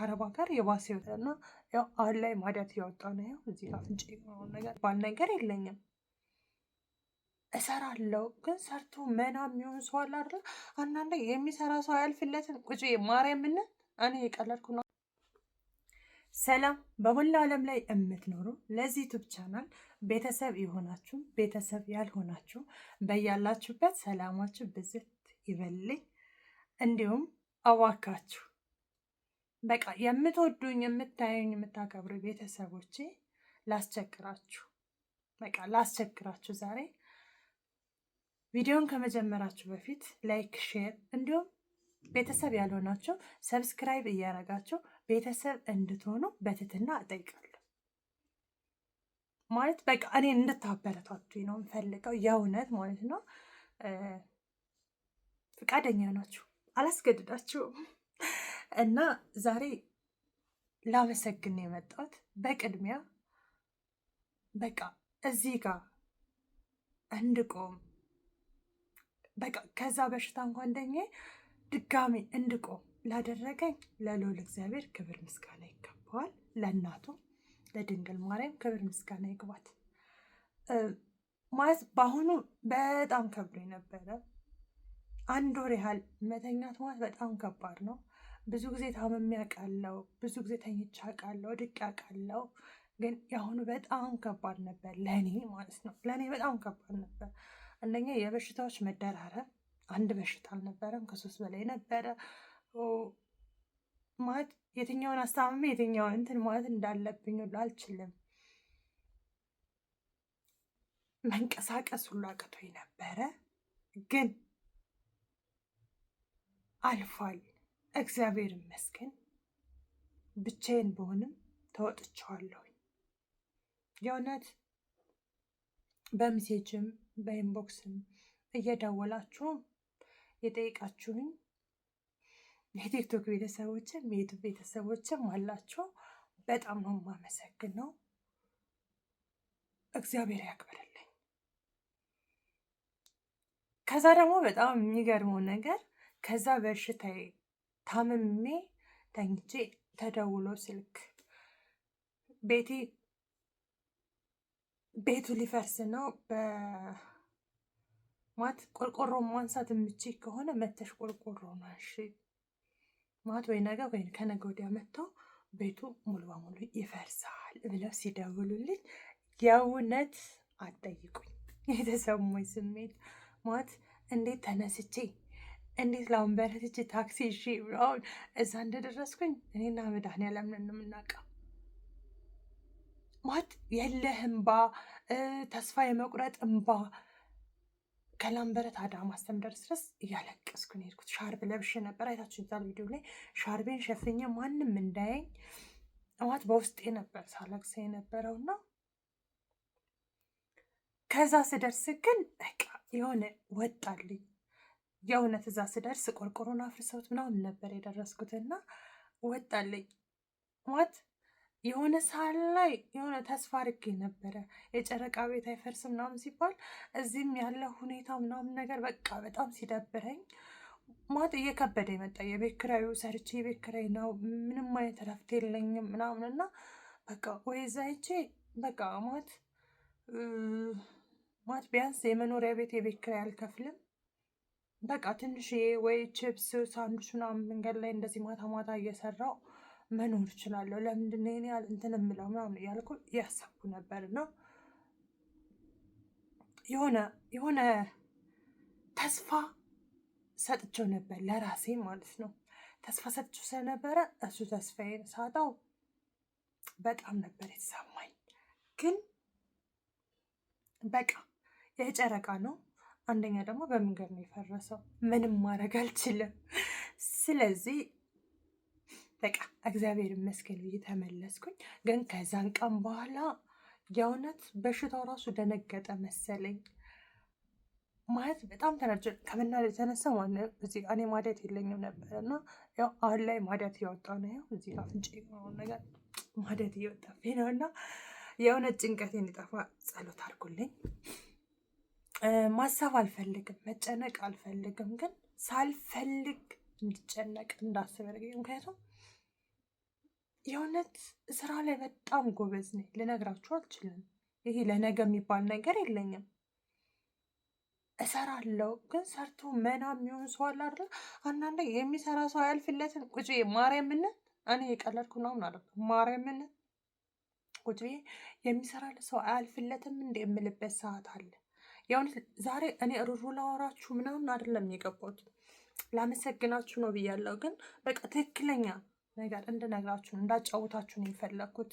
ከአረብ ሀገር የባሰ ይወጣል እና ያው አሁን ላይ ማዳት እያወጣ ነው። ያው እዚህ አፍንጭ የሆነውን ነገር ባል ነገር የለኝም እሰራለሁ ግን ሰርቶ መና የሚሆን ሰው አለ አይደል? አንዳንዴ የሚሰራ ሰው አያልፍለትን ቁጭ ማርያምን እኔ የቀለድኩ ነው። ሰላም በመላ ዓለም ላይ የምትኖሩ ለዚህ ዩቱብ ቻናል ቤተሰብ የሆናችሁ ቤተሰብ ያልሆናችሁ በያላችሁበት ሰላማችሁ ብዝት ይበልኝ። እንዲሁም አዋካችሁ በቃ የምትወዱኝ የምታዩኝ የምታከብሩ ቤተሰቦቼ ላስቸግራችሁ፣ በቃ ላስቸግራችሁ። ዛሬ ቪዲዮን ከመጀመራችሁ በፊት ላይክ፣ ሼር እንዲሁም ቤተሰብ ያልሆናችሁ ሰብስክራይብ እያረጋችሁ ቤተሰብ እንድትሆኑ በትትና እጠይቃለሁ። ማለት በቃ እኔ እንድታበረታቱኝ ነው የምፈልገው፣ የእውነት ማለት ነው። ፍቃደኛ ናችሁ፣ አላስገድዳችሁም። እና ዛሬ ላመሰግን የመጣት በቅድሚያ በቃ እዚህ ጋር እንድቆም በቃ ከዛ በሽታ እንኳን ደኜ ድጋሚ እንድቆም ላደረገኝ ለልዑል እግዚአብሔር ክብር ምስጋና ይገባዋል። ለእናቱ ለድንግል ማርያም ክብር ምስጋና ይግባት። ማለት በአሁኑ በጣም ከብዶ ነበረ። አንድ ወር ያህል መተኛት ማለት በጣም ከባድ ነው። ብዙ ጊዜ ታምሜ አውቃለሁ። ብዙ ጊዜ ተኝቼ አውቃለሁ። ድቅ አውቃለሁ። ግን የአሁኑ በጣም ከባድ ነበር ለእኔ ማለት ነው። ለእኔ በጣም ከባድ ነበር። አንደኛ የበሽታዎች መደራረብ፣ አንድ በሽታ አልነበረም፣ ከሶስት በላይ ነበረ። ማለት የትኛውን አስታምሜ የትኛውን እንትን ማለት እንዳለብኝ ሁሉ አልችልም። መንቀሳቀስ ሁሉ አቅቶኝ ነበረ፣ ግን አልፏል። እግዚአብሔር ይመስገን ብቻዬን በሆንም ተወጥቼዋለሁ። የእውነት በሚሴጅም በኢንቦክስም እየደወላችሁ የጠይቃችሁኝ የቲክቶክ ቤተሰቦችም የዩቱብ ቤተሰቦችም አላችሁ። በጣም ነው የማመሰግነው። እግዚአብሔር ያክብርልኝ። ከዛ ደግሞ በጣም የሚገርመው ነገር ከዛ በሽታዬ ታምሜ ተኝቼ ተደውሎ ስልክ ቤቴ ቤቱ ሊፈርስ ነው በማት ቆርቆሮ ማንሳት የምችል ከሆነ መተሽ ቆርቆሮ ናሽ ማት ወይ ነገ ወይ ከነገ ወዲያ መጥቶ ቤቱ ሙሉ በሙሉ ይፈርሳል ብለው ሲደውሉልኝ የእውነት አጠይቁኝ የተሰሙኝ ስሜት ማት እንዴት ተነስቼ እንዴት ለአሁን በረትች ታክሲ እሺ አሁን እዛ እንደደረስኩኝ እኔና መድኃኒዓለም ነን የምናውቀው። ማት የለህ እምባ ተስፋ የመቁረጥ እምባ ከላምበረት አዳማ እስከምደርስ ድረስ እያለቀስኩ ሄድኩት። ሻርብ ለብሼ ነበር፣ አይታችሁ እዛ ቪዲዮ ላይ ሻርቤን ሸፍኜ ማንም እንዳያኝ ማት በውስጤ ነበር ሳለቅሰ የነበረውና ከዛ ስደርስ ግን በቃ የሆነ ወጣልኝ የእውነት እዛ ስደርስ ቆርቆሮን አፍርሰውት ምናምን ነበር የደረስኩትና ወጣለኝ ማት የሆነ ሳል ላይ የሆነ ተስፋ አድርጌ ነበረ የጨረቃ ቤት አይፈርስ ምናምን ሲባል እዚህም ያለ ሁኔታ ምናምን ነገር በቃ በጣም ሲደብረኝ ማት እየከበደ የመጣ የቤት ኪራዩ ሰርቼ የቤት ነው ምንም አይነት ረፍት የለኝም ምናምን እና በቃ ወይዛ ይቼ በቃ ማት ማት ቢያንስ የመኖሪያ ቤት የቤት ኪራይ አልከፍልም በቃ ትንሽ ወይ ችፕስ ሳንዱች ምናምን መንገድ ላይ እንደዚህ ማታ ማታ እየሰራው መኖር እችላለሁ። ለምንድን ነው ያህል እንትን የምለው ምናምን እያልኩ እያሰብኩ ነበር እና የሆነ የሆነ ተስፋ ሰጥቼው ነበር ለራሴ ማለት ነው። ተስፋ ሰጥቼው ስለነበረ እሱ ተስፋዬን ሳጣው በጣም ነበር የተሰማኝ። ግን በቃ የጨረቃ ነው አንደኛ ደግሞ በመንገድ ነው የፈረሰው። ምንም ማድረግ አልችልም። ስለዚህ በቃ እግዚአብሔር ይመስገን እየተመለስኩኝ፣ ግን ከዛን ቀን በኋላ የእውነት በሽታው ራሱ ደነገጠ መሰለኝ። ማለት በጣም ተናድጄ ከምና የተነሳ እዚህ እኔ ማዳት የለኝም ነበር እና ያው አሁን ላይ ማዳት እያወጣ ነው። ያው እዚህ አፍንጭ የሆነውን ነገር ማዳት እየወጣብኝ ነው እና የእውነት ጭንቀቴን እንዲጠፋ ጸሎት አድርጉልኝ። ማሰብ አልፈልግም፣ መጨነቅ አልፈልግም። ግን ሳልፈልግ እንድጨነቅ እንዳስብ ያደርገኝ። ምክንያቱም የእውነት ስራ ላይ በጣም ጎበዝ ነኝ፣ ልነግራችሁ አልችልም። ይሄ ለነገ የሚባል ነገር የለኝም። እሰራለሁ ግን ሰርቶ መና የሚሆን ሰው አለ አይደለ? አንዳንዴ የሚሰራ ሰው አያልፍለትን ቁጭ ብዬ ማርያምነት እኔ የቀለድኩ ምናምን አለ ማርያምነት ቁጭ የሚሰራ ሰው አያልፍለትም እንደ የምልበት ሰዓት አለ። የእውነት ዛሬ እኔ ሩሩ ላወራችሁ ምናምን አይደለም የገባሁት ላመሰግናችሁ ነው ብያለሁ። ግን በቃ ትክክለኛ ነገር እንድነግራችሁ እንዳጫወታችሁ ነው የፈለግኩት።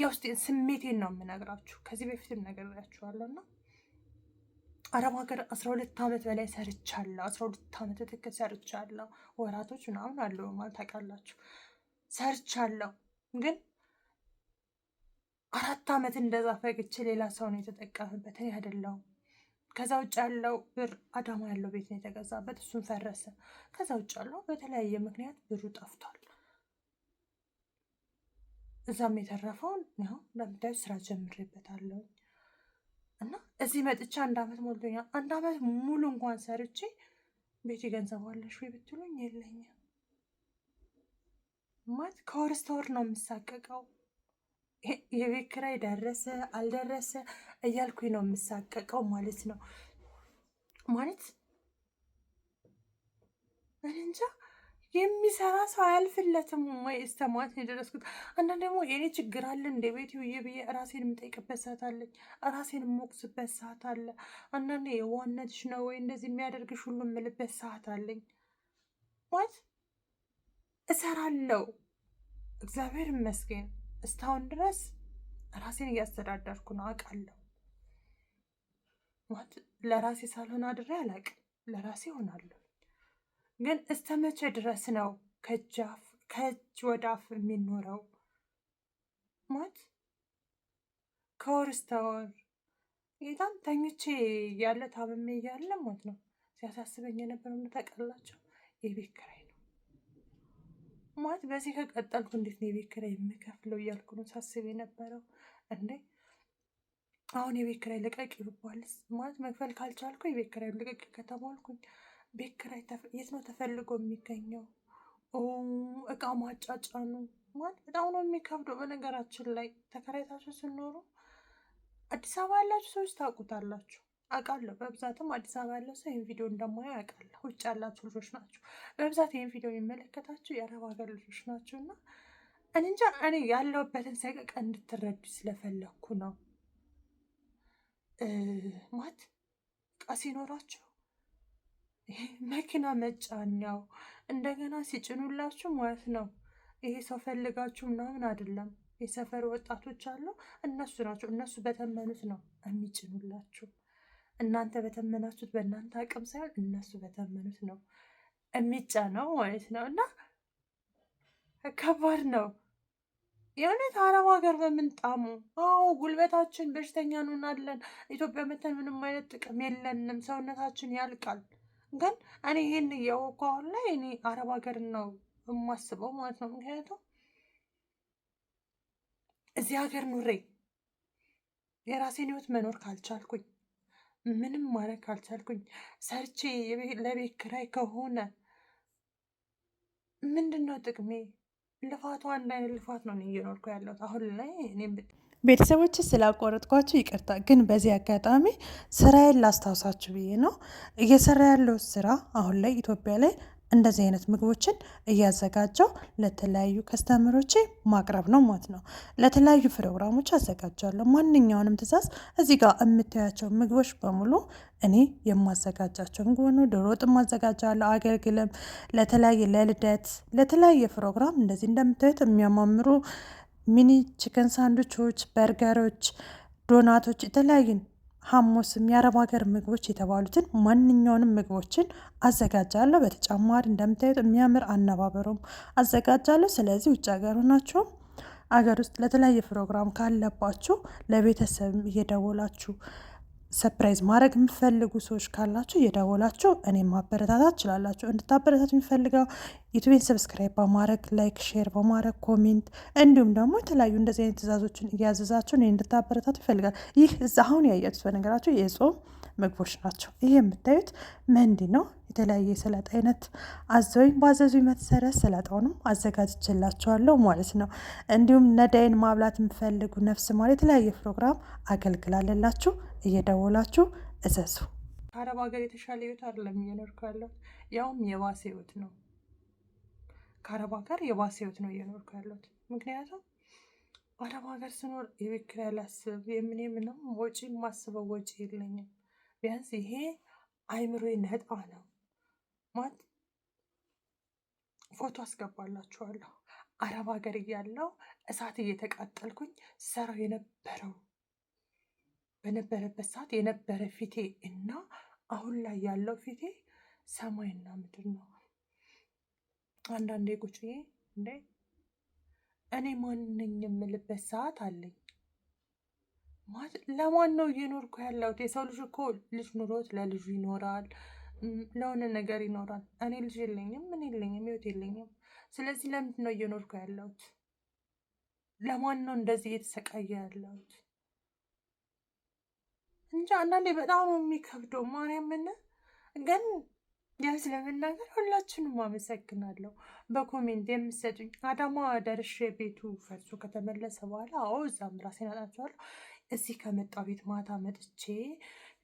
የውስጤን ስሜቴን ነው የምነግራችሁ። ከዚህ በፊትም ነግሬያችኋለሁ እና አረብ ሀገር አስራ ሁለት ዓመት በላይ ሰርቻለሁ። አስራ ሁለት ዓመት ትክክል ሰርቻለሁ። ወራቶች ምናምን አለው ማለት ታውቃላችሁ ሰርቻለሁ ግን አራት ዓመት እንደዛ ፈግቼ ሌላ ሰው ነው የተጠቀምበት፣ እኔ አይደለሁም። ከዛ ውጭ ያለው ብር አዳማ ያለው ቤት ነው የተገዛበት፣ እሱን ፈረሰ። ከዛ ውጭ ያለው በተለያየ ምክንያት ብሩ ጠፍቷል። እዛም የተረፈውን ያው እንደምታዩ ስራ ጀምሬበታለሁ እና እዚህ መጥቻ አንድ ዓመት ሞልቶኛል። አንድ ዓመት ሙሉ እንኳን ሰርቼ ቤት ገንዘብ አለሽ ወይ ብትሉኝ የለኝም። ማለት ከወር እስከ ወር ነው የምሳቀቀው። የቤት ኪራይ ደረሰ አልደረሰ እያልኩኝ ነው የምሳቀቀው ማለት ነው። ማለት እንጃ የሚሰራ ሰው አያልፍለትም ወይ እስከ ማለት ነው የደረስኩት። አንዳንድ ደግሞ የኔ ችግር አለ እንደ ቤት ውዬ ብዬ ራሴን የምጠይቅበት ሰዓት አለኝ፣ ራሴን የምወቅስበት ሰዓት አለ። አንዳንድ የዋነትሽ ነው ወይ እንደዚህ የሚያደርግሽ ሁሉ የምልበት ሰዓት አለኝ። ማለት እሰራለው፣ እግዚአብሔር ይመስገን። እስካሁን ድረስ ራሴን እያስተዳደርኩ ነው አውቃለሁ። ለራሴ ሳልሆን አድሬ አላውቅም። ለራሴ ሆናለሁ። ግን እስከ መቼ ድረስ ነው ከጃፍ ከእጅ ወደ አፍ የሚኖረው? ሞት ከወር እስከ ወር በጣም ተኝቼ ያለ ታምሜ እያለ ሞት ነው ሲያሳስበኝ የነበረው። ታውቃላችሁ የቤት ኪራይ ማለት በዚህ ከቀጠልኩ እንዴት ነው የቤት ኪራይ የምከፍለው እያልኩ ነው ሳስብ የነበረው። እንዴ አሁን የቤት ኪራይ ልቀቂ ብባልስ ማለት መክፈል ካልቻልኩ የቤት ኪራይ ልቀቂ ከተባልኩኝ ቤት ኪራይ የት ነው ተፈልጎ የሚገኘው? እቃ ነው ማለት በጣም ነው የሚከብደው። በነገራችን ላይ ተከራይታችሁ ስኖሩ አዲስ አበባ ያላችሁ ሰዎች ታውቁታላችሁ። አውቃለሁ በብዛትም አዲስ አበባ ያለው ሰው ይህን ቪዲዮ እንደማየው አውቃለሁ። ውጭ ያላችሁ ልጆች ናቸው በብዛት ይህን ቪዲዮ የሚመለከታችሁ የአረብ ሀገር ልጆች ናቸው እና እኔ እንጃ እኔ ያለሁበትን ሰቀቀ እንድትረዱ ስለፈለግኩ ነው። ማት ዕቃ ሲኖራችሁ መኪና መጫኛው እንደገና ሲጭኑላችሁ ማለት ነው። ይሄ ሰው ፈልጋችሁ ምናምን አይደለም። የሰፈር ወጣቶች አሉ እነሱ ናቸው እነሱ በተመኑት ነው የሚጭኑላችሁ። እናንተ በተመናችሁት በእናንተ አቅም ሳይሆን እነሱ በተመኑት ነው የሚጫ ነው ማለት ነው። እና ከባድ ነው የእውነት አረብ ሀገር በምንጣሙ። አዎ ጉልበታችን በሽተኛ እንሆናለን። ኢትዮጵያ መተን ምንም አይነት ጥቅም የለንም፣ ሰውነታችን ያልቃል። ግን እኔ ይህን እያወቅሁ አሁን ላይ እኔ አረብ ሀገር ነው የማስበው ማለት ነው። ምክንያቱም እዚህ ሀገር ኑሬ የራሴን ህይወት መኖር ካልቻልኩኝ ምንም ማድረግ አልቻልኩኝ። ሰርቼ ለቤት ክራይ ከሆነ ምንድን ነው ጥቅሜ? ልፋቱ አንድ አይነት ልፋት ነው እየኖርኩ ያለሁት አሁን ላይ እኔም ቤተሰቦች ስላቆረጥኳቸው ይቅርታ። ግን በዚህ አጋጣሚ ስራዬን ላስታውሳችሁ ብዬ ነው እየሰራ ያለው ስራ አሁን ላይ ኢትዮጵያ ላይ እንደዚህ አይነት ምግቦችን እያዘጋጀው ለተለያዩ ከስተምሮቼ ማቅረብ ነው ማለት ነው። ለተለያዩ ፕሮግራሞች አዘጋጃለሁ። ማንኛውንም ትዕዛዝ እዚህ ጋር የምታያቸው ምግቦች በሙሉ እኔ የማዘጋጃቸው ምግብ ነው። ዶሮ ወጥም አዘጋጃለሁ፣ አገልግልም፣ ለተለያየ ለልደት፣ ለተለያየ ፕሮግራም እንደዚህ እንደምታዩት የሚያማምሩ ሚኒ ቺከን ሳንዱቾች፣ በርገሮች፣ ዶናቶች የተለያዩ ሐሙስም የአረብ ሀገር ምግቦች የተባሉትን ማንኛውንም ምግቦችን አዘጋጃለሁ። በተጨማሪ እንደምታዩት የሚያምር አነባበሩም አዘጋጃለሁ። ስለዚህ ውጭ ሀገሩ ናቸው አገር ውስጥ ለተለያየ ፕሮግራም ካለባችሁ ለቤተሰብ እየደወላችሁ ሰፕራይዝ ማድረግ የሚፈልጉ ሰዎች ካላችሁ እየደወላችሁ እኔ ማበረታታት ችላላችሁ። እንድታበረታት የሚፈልገው ዩቱቤን ሰብስክራይብ በማድረግ ላይክ፣ ሼር በማድረግ ኮሜንት፣ እንዲሁም ደግሞ የተለያዩ እንደዚህ አይነት ትእዛዞችን እያዘዛችሁ እኔ እንድታበረታት ይፈልጋል። ይህ እዛ አሁን ያያችሁት በነገራችሁ የጾም ምግቦች ናቸው። ይህ የምታዩት መንዲ ነው። የተለያዩ የሰላጣ አይነት አዘውኝ በአዘዙ መሰረት ሰላጣውንም አዘጋጅችላቸዋለሁ ማለት ነው። እንዲሁም ነዳይን ማብላት የምፈልጉ ነፍስ ማለት የተለያየ ፕሮግራም አገልግላለላችሁ እየደወላችሁ እዘዙ። ከአረብ ሀገር የተሻለ ህይወት አይደለም እየኖርኩ ያለሁት ያውም የባሰ ህይወት ነው። ከአረብ ሀገር የባሰ ህይወት ነው እየኖርኩ ያለሁት ምክንያቱም አረብ ሀገር ስኖር የቤት ኪራይ ላስብ የምን ምንም ወጪ ማስበው ወጪ የለኝም። ቢያንስ ይሄ አይምሮ ነጣ ነው። ማለት ፎቶ አስገባላችኋለሁ። አረብ ሀገር እያለው እሳት እየተቃጠልኩኝ ሰራው የነበረው በነበረበት ሰዓት የነበረ ፊቴ እና አሁን ላይ ያለው ፊቴ ሰማይና ምድር ነው። አንዳንዴ ቁጭዬ እንዴ እኔ ማንነኝ የምልበት ሰዓት አለኝ። ለማን ነው እየኖርኩ ያለሁት? የሰው ልጅ እኮ ልጅ ኑሮት ለልጁ ይኖራል፣ ለሆነ ነገር ይኖራል። እኔ ልጅ የለኝም፣ ምን የለኝም፣ ህይወት የለኝም። ስለዚህ ለምንድን ነው እየኖርኩ ያለሁት? ለማን ነው እንደዚህ እየተሰቃየ ያለሁት? እንጃ አንዳንዴ በጣም የሚከብደው ማርያምን ግን ያ ስለምናገር ሁላችንም አመሰግናለሁ። በኮሜንት የምሰጡኝ አዳማ ደርሼ ቤቱ ፈርሶ ከተመለሰ በኋላ አዎ እዛም ራሴን አጣችኋለሁ። እዚህ ከመጣው ቤት ማታ መጥቼ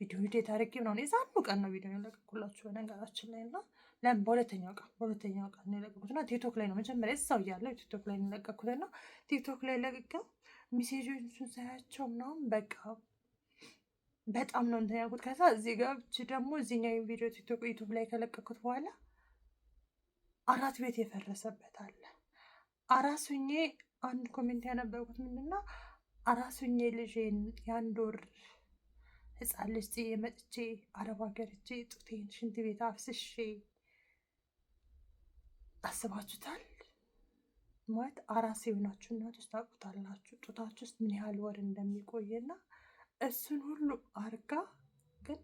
ቪዲዮ ዴት አድርጌ ምናምን የዛኑ ቀን ነው ቪዲዮ የለቀኩላችሁ በነገራችን ላይ እና ለምን በሁለተኛው ቀን በሁለተኛው ቀን ነው የለቀኩት እና ቲክቶክ ላይ ነው መጀመሪያ እዛው እያለሁ ቲክቶክ ላይ ነው የለቀኩት እና ቲክቶክ ላይ ለቅቀው ሚሴጆቹን ሳያቸው ምናምን በቃ በጣም ነው እንትን ያልኩት። ከዛ እዚህ ገብቼ ደግሞ እዚህኛው ቪዲዮ ቲክቶክ ዩቱብ ላይ ከለቀኩት በኋላ አራት ቤት የፈረሰበት አለ አራሱኜ አንድ ኮሜንት ያነበብኩት ምንድን ነው አራሱኝ ልጄን የአንድ ወር ህፃን ልጅ ጥዬ መጥቼ አረብ ሀገር እጄ ጡቴን ሽንት ቤት አፍስሼ አስባችሁታል? ማለት አራስ የሆናችሁ እናቶች ታውቁታላችሁ፣ ጡታችሁ ውስጥ ምን ያህል ወር እንደሚቆይና እሱን ሁሉ አርጋ ግን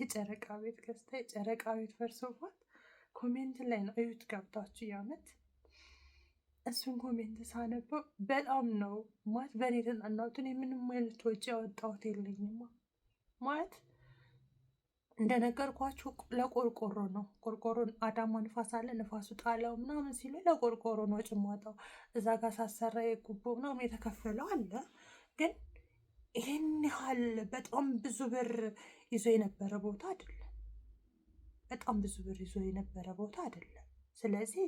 የጨረቃ ቤት ገዝታ የጨረቃ ቤት ፈርሶባት ኮሜንት ላይ ነው እዩት ገብታችሁ ያመት እሱን ኮሜንት ሳነበው በጣም ነው ማለት በእኔ የተጠናሁት። እኔ ምንም አይነት ወጪ ያወጣሁት የለኝማ። ማለት እንደነገርኳችሁ ለቆርቆሮ ነው። ቆርቆሮ አዳማ ንፋስ አለ። ንፋሱ ጣለው ምናምን ሲሉ ለቆርቆሮ ነው ጭማጣው። እዛ ጋር ሳሰራ የጉቦ ምናምን የተከፈለው አለ። ግን ይህን ያህል በጣም ብዙ ብር ይዞ የነበረ ቦታ አይደለም። በጣም ብዙ ብር ይዞ የነበረ ቦታ አይደለም። ስለዚህ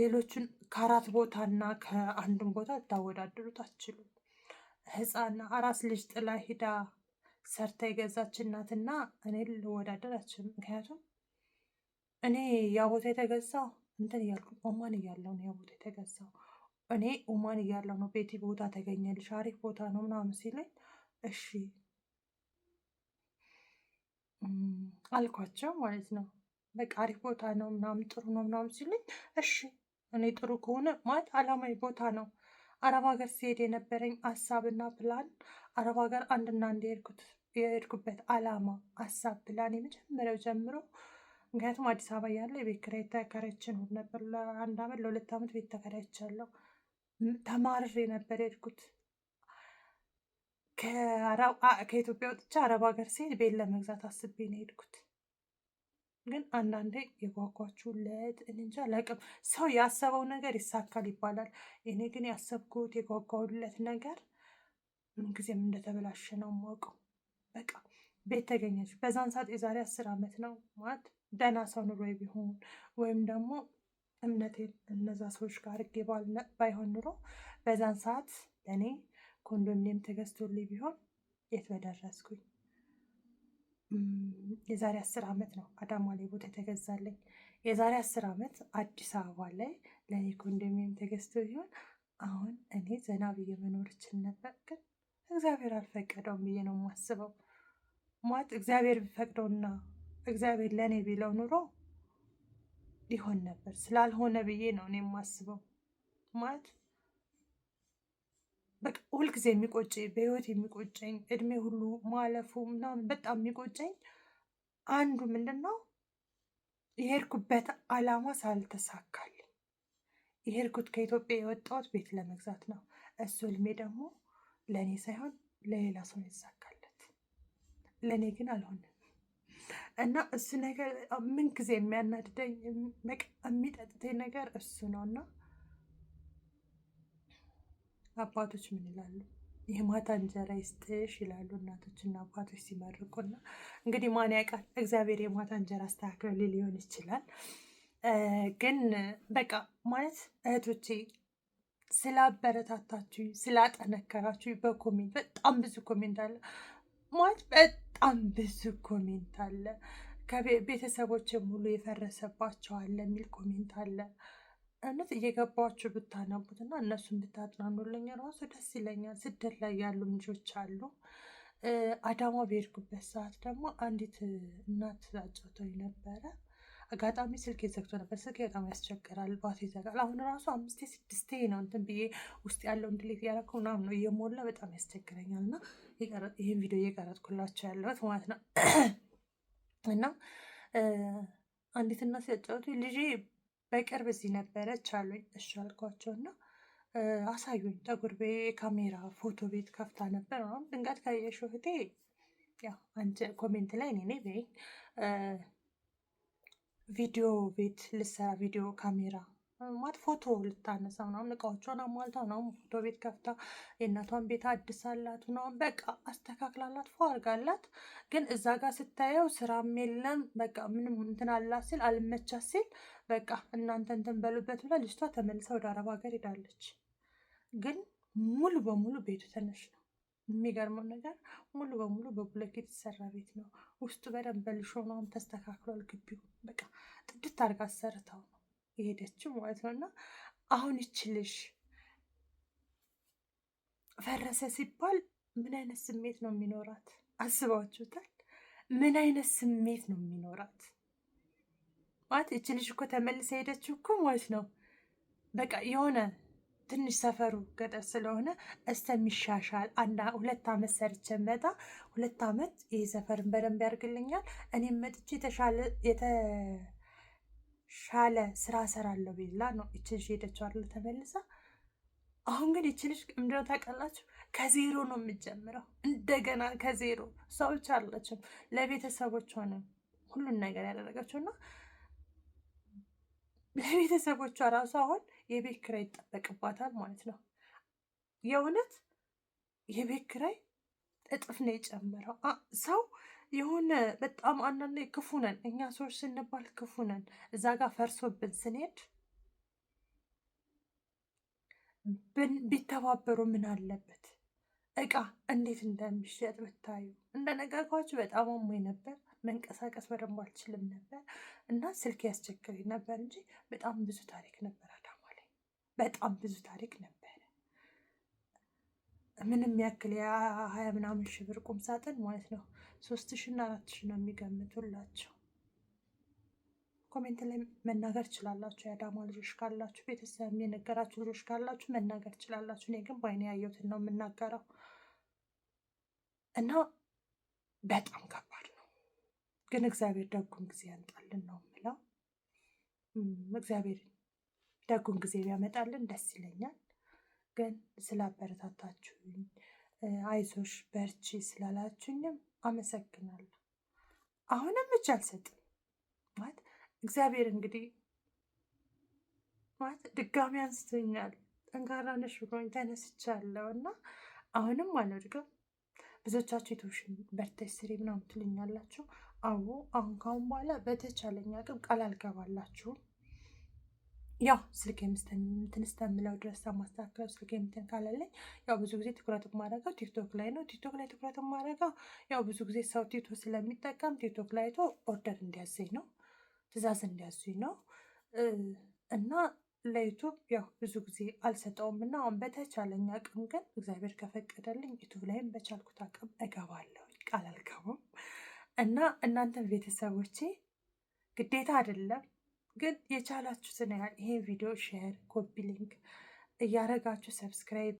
ሌሎችን ከአራት ቦታና ከአንድም ቦታ ልታወዳድሩት አትችሉም። ህፃን አራስ ልጅ ጥላ ሂዳ ሰርታ የገዛች እናትና እኔ ልወዳደር አልችልም። ምክንያቱም እኔ ያ ቦታ የተገዛው እንትን እያልኩ ኦማን እያለው ነው ያ ቦታ የተገዛው እኔ ኦማን እያለው ነው ቤቲ ቦታ ተገኘልሽ አሪፍ ቦታ ነው ምናምን ሲለኝ እሺ አልኳቸው ማለት ነው። በቃ አሪፍ ቦታ ነው ምናምን ጥሩ ነው ምናምን ሲሉኝ፣ እሺ እኔ ጥሩ ከሆነ ማለት አላማዊ ቦታ ነው። አረብ ሀገር ሲሄድ የነበረኝ ሀሳብና ፕላን አረብ ሀገር አንድና አንድ የሄድኩበት አላማ ሀሳብ ፕላን የመጀመሪያው ጀምሮ ምክንያቱም አዲስ አበባ ያለ የቤት ኪራይ ተከራይቼ እሑድ ነበር ለአንድ አመት ለሁለት አመት ቤት ተከራይቻለሁ። ተማርሬ ነበር የሄድኩት። ከኢትዮጵያ ወጥቼ አረብ ሀገር ሲሄድ ቤት ለመግዛት አስቤ ነው የሄድኩት። ግን አንዳንዴ የጓጓችሁለት እንጃ ለቅም ሰው ያሰበው ነገር ይሳካል ይባላል። እኔ ግን ያሰብኩት የጓጓሁለት ነገር ምንጊዜም እንደተበላሸ ነው የማውቀው። በቃ ቤት ተገኘች በዛን ሰዓት የዛሬ አስር ዓመት ነው ማለት ደህና ሰው ኑሮ ቢሆን ወይም ደግሞ እምነቴን እነዛ ሰዎች ጋር አድርጌ ባይሆን ኑሮ በዛን ሰዓት ለእኔ ኮንዶሚኒየም ተገዝቶልኝ ቢሆን የት በደረስኩኝ። የዛሬ አስር ዓመት ነው አዳማ ላይ ቦታ የተገዛለኝ። የዛሬ አስር ዓመት አዲስ አበባ ላይ ለእኔ ኮንዶሚኒየም ተገዝቶ ሲሆን አሁን እኔ ዘና ብዬ መኖር እችል ነበር፣ ግን እግዚአብሔር አልፈቀደውም ብዬ ነው የማስበው። ማለት እግዚአብሔር ቢፈቅደውና እግዚአብሔር ለእኔ ቢለው ኑሮ ሊሆን ነበር። ስላልሆነ ብዬ ነው እኔ የማስበው ማለት በቃ ሁልጊዜ የሚቆጨኝ በህይወት የሚቆጨኝ እድሜ ሁሉ ማለፉ ምናምን በጣም የሚቆጨኝ አንዱ ምንድን ነው የሄድኩበት አላማ ሳልተሳካልኝ የሄድኩት ከኢትዮጵያ የወጣሁት ቤት ለመግዛት ነው። እሱ እልሜ ደግሞ ለእኔ ሳይሆን ለሌላ ሰው የተሳካለት ለእኔ ግን አልሆንም እና እሱ ነገር ምን ጊዜ የሚያናድደኝ የሚጠጥተኝ ነገር እሱ ነው እና አባቶች ምን ይላሉ? የማታ እንጀራ ይስጥሽ ይላሉ እናቶች እና አባቶች ሲመርቁና፣ እንግዲህ ማን ያውቃል እግዚአብሔር የማታ እንጀራ አስተካክሎ ሊሆን ይችላል። ግን በቃ ማለት እህቶቼ ስላበረታታችሁ ስላጠነከራችሁ በኮሜንት በጣም ብዙ ኮሜንት አለ ማለት በጣም ብዙ ኮሜንት አለ። ከቤተሰቦች ሙሉ የፈረሰባቸው አለ የሚል ኮሜንት አለ። እውነት እየገባችሁ ብታነቡትና እነሱን ብታጥናኑልኝ ራሱ ደስ ይለኛል። ስደት ላይ ያሉ ልጆች አሉ። አዳማ በሄድኩበት ሰዓት ደግሞ አንዲት እናት አጫውተኝ ነበረ። አጋጣሚ ስልክ ዘግቶ ነበር። ስልክ በጣም ያስቸግራል፣ ባት ይዘጋል። አሁን ራሱ አምስቴ ስድስቴ ነው እንትን ብዬ ውስጥ ያለው እንድሌት እያደረኩ ምናምን ነው እየሞላ በጣም ያስቸግረኛል። እና ይህን ቪዲዮ እየቀረጥኩላቸው ያለበት ማለት ነው እና አንዲት እናት ሲያጫውቱ ልጄ በቅርብ እዚህ ነበረች አሉኝ። እሺ አልኳቸው እና አሳዩኝ። ጠጉር ቤ ካሜራ ፎቶ ቤት ከፍታ ነበር። አሁን ድንጋት ካየሽ እህቴ አንቺ ኮሜንት ላይ እኔ በይኝ ቪዲዮ ቤት ልሰራ ቪዲዮ ካሜራ ማት ፎቶ ልታነሳ ምናምን እቃዎቿን አሟልታ ምናምን ፎቶ ቤት ከፍታ የእናቷን ቤት አድሳላት ምናምን በቃ አስተካክላላት ፎ አድርጋላት። ግን እዛ ጋር ስታየው ስራም የለም በቃ ምንም እንትን አላት ሲል አልመቻ ሲል በቃ እናንተ እንትን በሉበት ብላ ልጅቷ ተመልሳ ወደ አረብ ሀገር ሄዳለች። ግን ሙሉ በሙሉ ቤቱ ትንሽ ነው። የሚገርመው ነገር ሙሉ በሙሉ በብሎኬት የተሰራ ቤት ነው። ውስጡ በደንብ በልሾ ምናምን ተስተካክሏል። ግቢው በቃ ጥድት አርጋ አሰርተው ነው የሄደችው ማለት ነው። እና አሁን ይችልሽ ፈረሰ ሲባል ምን አይነት ስሜት ነው የሚኖራት? አስባችሁታል? ምን አይነት ስሜት ነው የሚኖራት? ማለት ይችልሽ እኮ ተመልሰ ሄደችው እኮ ማለት ነው። በቃ የሆነ ትንሽ ሰፈሩ ገጠር ስለሆነ እስተሚሻሻል አንድ ሁለት ዓመት ሰርቼ መጣ ሁለት አመት ይህ ሰፈርን በደንብ ያርግልኛል። እኔም መጥቼ የተሻለ ሻለ ስራ ሰራለሁ ቤላ ነው ይች ልጅ ሄደችው ተመልሳ አሁን ግን ይች ልጅ ምንድነው ታውቃላችሁ? ከዜሮ ነው የምጀምረው እንደገና ከዜሮ እሷ ብቻ አለችም ለቤተሰቦች ሆነ ሁሉን ነገር ያደረገችው እና ለቤተሰቦቿ ራሱ አሁን የቤት ክራይ ይጠበቅባታል ማለት ነው። የእውነት የቤት ክራይ እጥፍ ነው የጨመረው ሰው የሆነ በጣም አንዳንዴ ክፉ ነን እኛ ሰዎች ስንባል ክፉ ነን። እዛ ጋር ፈርሶብን ስንሄድ ቢተባበሩ ምን አለበት? እቃ እንዴት እንደሚሸጥ ብታዩ። እንደነገርኳችሁ በጣም አሞኝ ነበር፣ መንቀሳቀስ በደንብ አልችልም ነበር እና ስልክ ያስቸግረኝ ነበር እንጂ በጣም ብዙ ታሪክ ነበር አዳማ ላይ በጣም ብዙ ታሪክ ነበር። ምንም ያክል የሀያ ምናምን ሺህ ብር ቁም ሳጥን ማለት ነው ሶስት ሺ እና አራት ሺ ነው የሚገምቱላቸው። ኮሜንት ላይ መናገር ችላላችሁ። የአዳማ ልጆች ካላችሁ ቤተሰብ የነገራችሁ ልጆች ካላችሁ መናገር ችላላችሁ። እኔ ግን በአይኔ ያየሁትን ነው የምናገረው እና በጣም ከባድ ነው። ግን እግዚአብሔር ደጉን ጊዜ ያምጣልን ነው የምለው። እግዚአብሔር ደጉን ጊዜ ቢያመጣልን ደስ ይለኛል። ግን ስላበረታታችሁኝ አይዞሽ በርቺ ስላላችሁኝም አመሰግናለሁ። አሁንም እጅ አልሰጥም ማለት እግዚአብሔር እንግዲህ ማለት ድጋሚ አንስቶኛል። ጠንካራ ነሽ ብሎኝ ተነስቻለሁ እና አሁንም አልወድቅም። ብዙዎቻችሁ የቶሽን በርተሽ ስሪ ምናምን ትሉኛላችሁ። አዎ አሁን ካሁን በኋላ በተቻለኝ አቅም ቃል አልገባላችሁም። ያው ስልክ እንትን እስከምለው ድረስ ማስተካከለው ስልክ እንትን ካላለኝ ያው ብዙ ጊዜ ትኩረት ማድረገው ቲክቶክ ላይ ነው። ቲክቶክ ላይ ትኩረት ማድረገው ያው ብዙ ጊዜ ሰው ቲቶ ስለሚጠቀም ቲክቶክ ላይ ቶ ኦርደር እንዲያዘኝ ነው፣ ትእዛዝ እንዲያዘኝ ነው። እና ለዩቱብ ያው ብዙ ጊዜ አልሰጠውም እና አሁን በተቻለኝ አቅም ግን እግዚአብሔር ከፈቀደልኝ ዩቱብ ላይም በቻልኩት አቅም እገባለሁ። ቃል አልገባም እና እናንተም ቤተሰቦቼ ግዴታ አይደለም ግን የቻላችሁትን ያህል ይሄ ቪዲዮ ሼር፣ ኮፒ ሊንክ እያረጋችሁ ሰብስክራይብ